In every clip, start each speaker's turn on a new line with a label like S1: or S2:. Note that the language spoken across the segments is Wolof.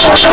S1: Shut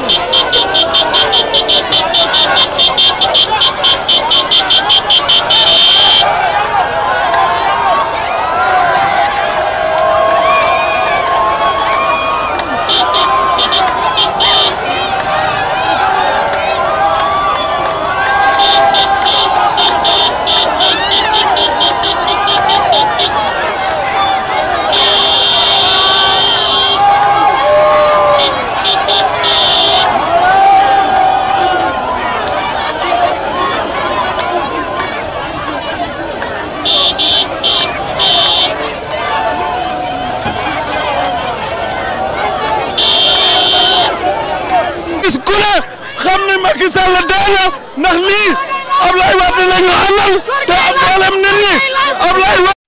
S2: Macky Sall deena ndax lii Ablaye Wade la ñu àndal te am dooleem nit ñi Ablaye